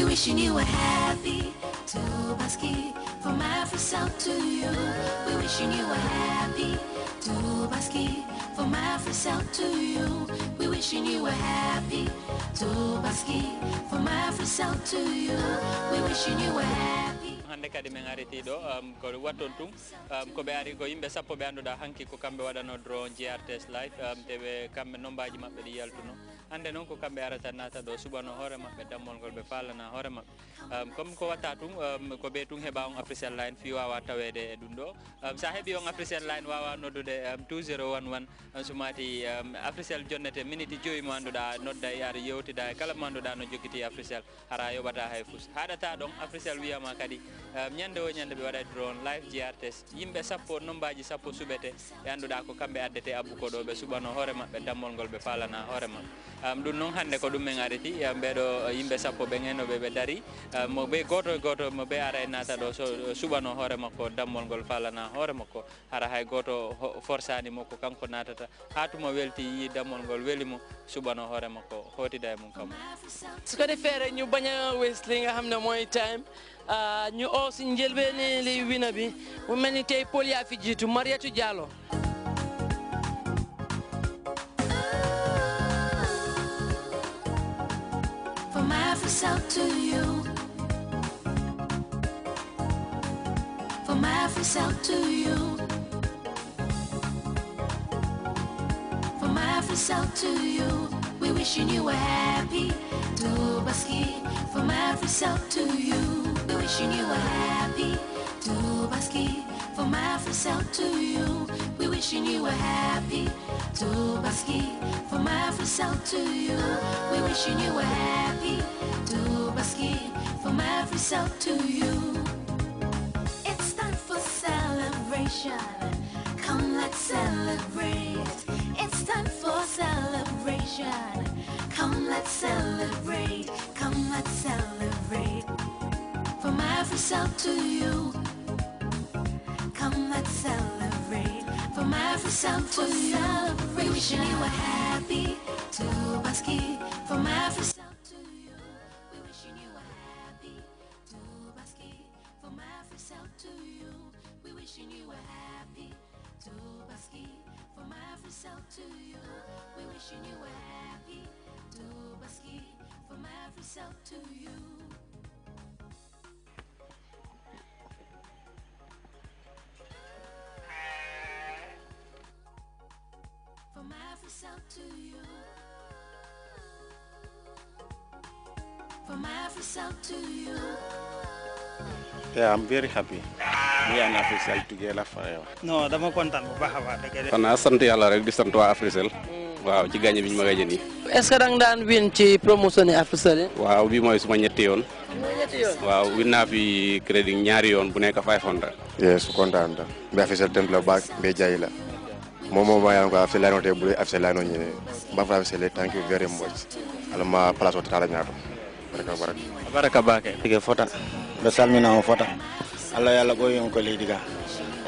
be wishing you a happy Tobaski from myself to you. We wishing you a happy Tobaski from myself to you. We wishing you a happy Tobaski from myself to you. We wishing you a happy hannde kadi min ariti ɗo um, ko watton tun um, koɓe ari ko yimɓe sappo ɓe annduɗa hanki ko kamɓe waɗano dro grts life um, te ɓe nombaji maɓɓe ɗi yaltuno hannde noon ko kamɓe arata naata ɗo suɓano hoore maɓɓe dammolngol ɓe paalana hoore maɓɓe comme ko watta ɗum ko ɓe tun heɓa on africell line fi wawa tawede e ɗum ɗo sa heeɓi on africell line wawa noddude 2011 so mati africell jonnete minute joyi mo annduɗa nodda e ara yewtida e kala mo annduɗa no joguiti africell hara yoɓata hay fus haɗata ɗon africell wiyama kadi ñande o ñande be waɗa drone live jr test yimɓe sappo nombaji sappo suɓete ɓe annduɗa ko kamɓe addete abbu ko ɗo ɓe suɓano hoore maɓɓe dammol ngol ɓe falana hoore maɓɓe ɗum noon hannde ko ɗum min areti ɓeeɗo uh, yimɓe sappo ɓen en no ɓe ɓe dari mo ɓe goto e goto mo ɓe ara e nata ɗo so uh, suɓano hoore makko dammol ngol falana hoore makko hara hay goto forsani mo ko kanko natata ha tuma welti yi dammol ngol weeli mo suɓano hoore makko hotida e mum kam so kadi feere ñu baña wesli nga xam time ñu uh, o si njëlbeeni li wina bi mu mel ni fi jiitu Mariatou Diallo out to you. For my face out to you. For my face out to you. We wishing you were happy. Dubaski. For my face out to you. We wishing you were happy. Dubaski from Africell to you. We wishing you a happy Tubaski from Africell to you. We wishing you a happy Tubaski from Africell to you. It's time for celebration. Come let's celebrate. It's time for celebration. Come let's celebrate. Come let's celebrate. From Africell to you. come every to you. from every to you. We wishing you were happy to basking from every sound to you. We wishing you were happy from every to you. We wishing you were happy from every to you. Yeah, I'm very happy. me and Africell together forever. No, dama content bu baax ba deug. Xana sant yalla rek di sant wa Africell. Waaw ci gagné biñ ma gagné ni. Est eh, ce que dang daan win ci promotionné Africell? Waaw bi moy suma ñetti yoon. Waaw win na fi crédit ñaari yoon bu nekk 500. Yes, content da. Be Africell dem la be jaay la. Mo mo bayan ko Africell no te bu Africell no Ba Africell thank you very much. Alama place la baraka baraka baraka bake tige fota mbe salminama fota allah yo allah ɓoyi on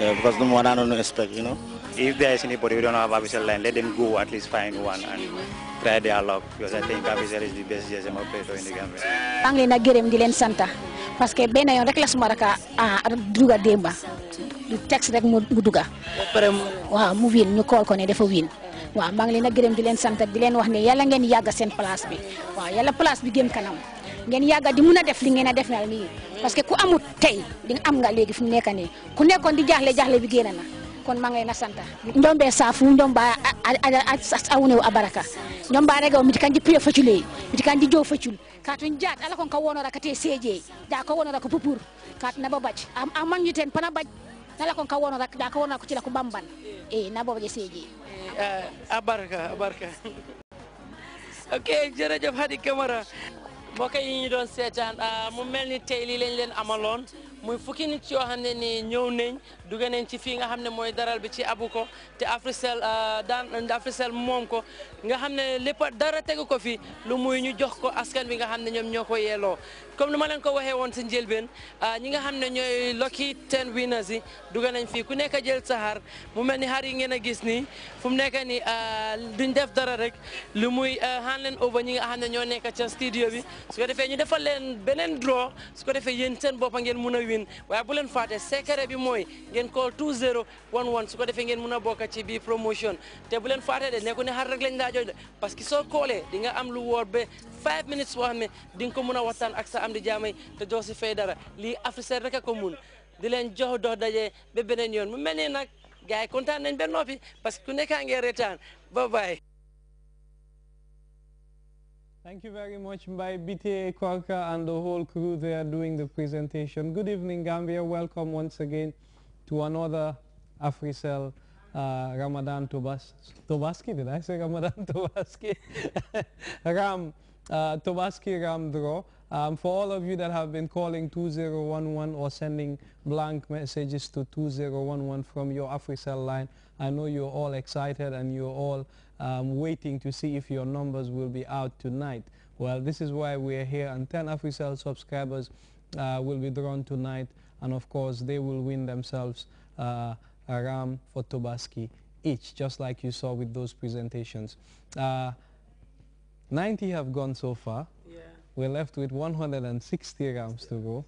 eh, because ɗum wonano no expect you know if there is anybody who don't have abisel line let them go at least find one and try their luck because I think abisel is best GSM operator in the Gambia maa a gërëm di leen santa parce que benn yoon rek la suma raka a ah, duga démba du texte rek mu duga waaw mu win ñu kool ko ne waaw maa ngi leen a di leen sant di leen wax ne yàlla ngeen yàgg seen place bi waaw yàlla place bi gëm kanam ngeen yàgga di mun a def li ngeen a def nal nii parce que ku amut tey léegi fu mu nekk nii ku nekkoon di jaaxle jaaxle bi génn na kon maa a sant ndom be safu ndom ba awune a baraka ba rega miti kandi piyo facule miti kandi jow facul katun jaat ala kon ka wonora ka te seeje ka wonora ko pupur katuna ba bac am amanyu pana bac tala kon kawono da kawono ko tila ko e na e, boba abarka abarka ok jërëjëf Hadi Camara mbokk yi ñu doon seetaan mu mel ni tey lii lañ leen amaloon muy fukki nit yoo xam ne nii ñëw nañ dugg nañ ci fii nga xam ne mooy daral bi ci abu ko te Africell euh, daan Africell moom ko nga xam ne lépp dara tegu ko fi lu muy ñu jox ko askan bi nga xam ne ñoom ñoo ko yeeloo comme ni ma leen ko waxee woon si njëlbeen euh, ñi nga xam ne ñooy lucky ten winners duga dugg nañ fii ku nekk jël sa xar mu mel ni xar yi ngeen a gis nii fu mu nekk nii euh, duñ def dara rek lu muy hand leen over ñi nga xam ne ñoo nekk ca studio bi su ko defee ñu defal beneen draw su ko defee yéen seen ngeen mun a win waaye bu leen fàtte secret bi mooy ngeen call 2011 su ko defee ngeen mun a bokk ci bii promotion te bu leen fàtte de nekku ne xar rek lañ daa jox de soo koolee di nga am lu wóor ba 5 minutes boo xam ne di nga ko mun a waxtaan ak sa am di jaamay te doo si fay dara lii Africell rek ko mun di leen jox dox daje ba beneen yoon mu mel nag gars yi kontaan nañ ba noppi parce que ku nekkaa ngeen retaan ba bàyyi Thank you very much by BTA Kwarka and the whole crew there doing the presentation. Good evening, Gambia. Welcome once again to another AfriCell uh, Ramadan Tobas Tobaski. Did I say Ramadan Tobaski? Ram, uh, Tobaski Ram Draw. Um, for all of you that have been calling 2011 or sending blank messages to 2011 from your AfriCell line, I know you're all excited and you're all um, waiting to see if your numbers will be out tonight. Well, this is why we're here and 10 Africell subscribers uh, will be drawn tonight and of course they will win themselves uh, a ram for Tobaski each, just like you saw with those presentations. Uh, 90 have gone so far. Yeah. We're left with 160 rams to go.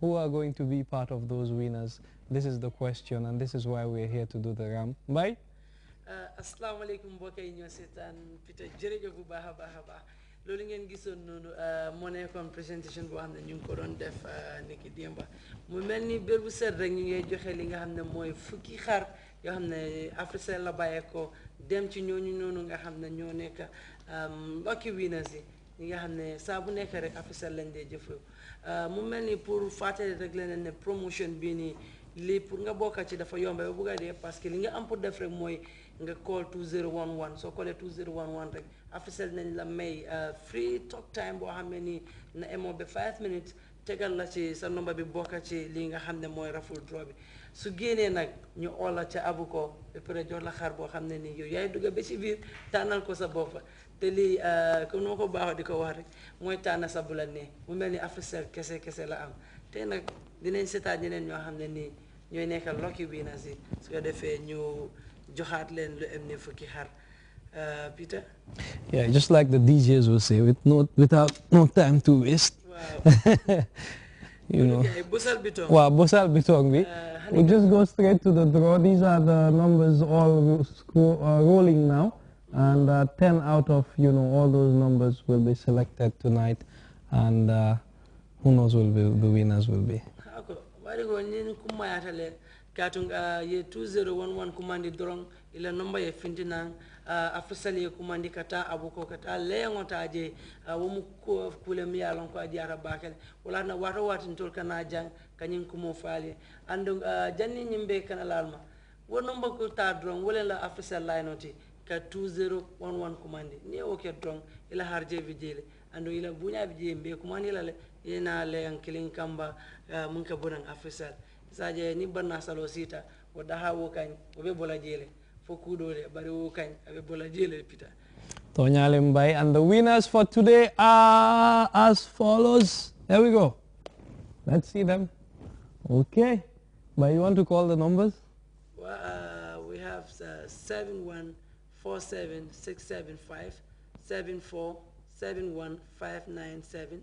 Who are going to be part of those winners? This is the question and this is why we're here to do the ram. Bye. Uh, asalaamaaleykum mbokk yi ñoo seetaan Peter jërëjëf bu baax a baax a baax loolu ngeen gisoon noonu uh, moo nekkoon présentation boo xam ne ñu ngi ko doon def uh, niki démba mu mel ni bér bu set rek ñu ngay joxe li nga xam ne mooy fukki xar yoo xam ne Africell la bàyyeekoo dem ci ñooñu noonu nga xam ne ñoo nekk mbokki um, winners yi ñi nga xam ne saa bu nekk rek Africell lañ dee jëfee mu mel ni pour fàttali rek leneen ne promotion bii nii lii pour nga bokka ci dafa yomba ba bugg a dee parce que li nga am pour def rek mooy nga call 2011 soo callee 2011 rek Africell nañ la may euh, free talk time boo xam ne nii na emoo ba 5 minutes tegal la ci sa nomba bi ci lii nga xam ne mooy raful bi su génnee nag ñu oola ca abu ko ba pare jox la xar boo xam ne nii yow yaay dugga bi ci biir tànnal ko sa bopp te lii euh, comme nu ma ko baaxoo di ko wax rek mooy tànn sa bu ne mu mel ni Africell kese kese la am te nag dinañ seetaat ñeneen ñoo xam ne nii ñooy nekkal lucky winners yi su ko defee ñu joxaat leen lu em ne fukki xar euh, Peter. yeah just like the DJs will say with no without no time to waste. you know. Bosal Bitong. Wow, Bosal Bitong. We, euh, we just go straight to the draw. These are the numbers all uh, rolling now. And uh, 10 out of, you know, all those numbers will be selected tonight. And uh, who knows will be, the winners will be. ko ñin kummayata le katun uh, ye 2011 kumandi dorong ila nomba ye fintinan uh, afisali ye kumandi kata abuko kata leyaŋo ta je uh, womu kule mi ye a lon ko a diyata bakele wala na wato watintol kana jaŋ kañiŋ kumo faali andu uh, janni ñiŋ be kana lalma wo nomba ko ta doron wolen la afisal layino ti ka 2011 kumandi ni ye wo ke ila harje bi jeele andu ila buña bi jee mbe kumandi la le ina le ankilin kamba uh, munka bunan afisat saje ni bana salo sita o daha wo kan o be bola jele fo kudo bari wo kan abe bola jele pita to nyalem bay and the winners for today are as follows there we go let's see them okay but you want to call the numbers well, uh, we have uh, 7147675 7471597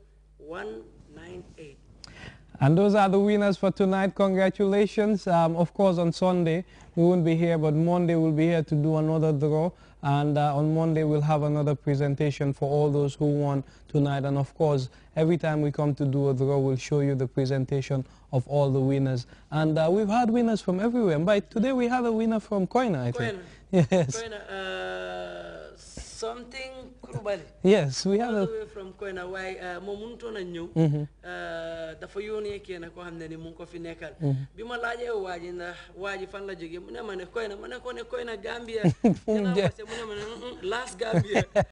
198. And those are the winners for tonight. Congratulations. Um, of course, on Sunday, we won't be here, but Monday we'll be here to do another draw. And uh, on Monday, we'll have another presentation for all those who won tonight. And of course, every time we come to do a draw, we'll show you the presentation of all the winners. And uh, we've had winners from everywhere. And by today, we have a winner from Koina, I Koina. think. Yes. Koina, uh something Kurubali. yes we have a. from Koyna waaye uh, moom mënutoon a ñëw. Mm-hmm. Uh, dafa yónnee kenn koo xam ne ni mu ngi ko fi nekkal. Mm-hmm. bi ma laajee waa ji ndax waa fan la jógee mu ne ma ne Koyna ma ne ko ne Koyna Gambia. mu ne ma ne last Gambia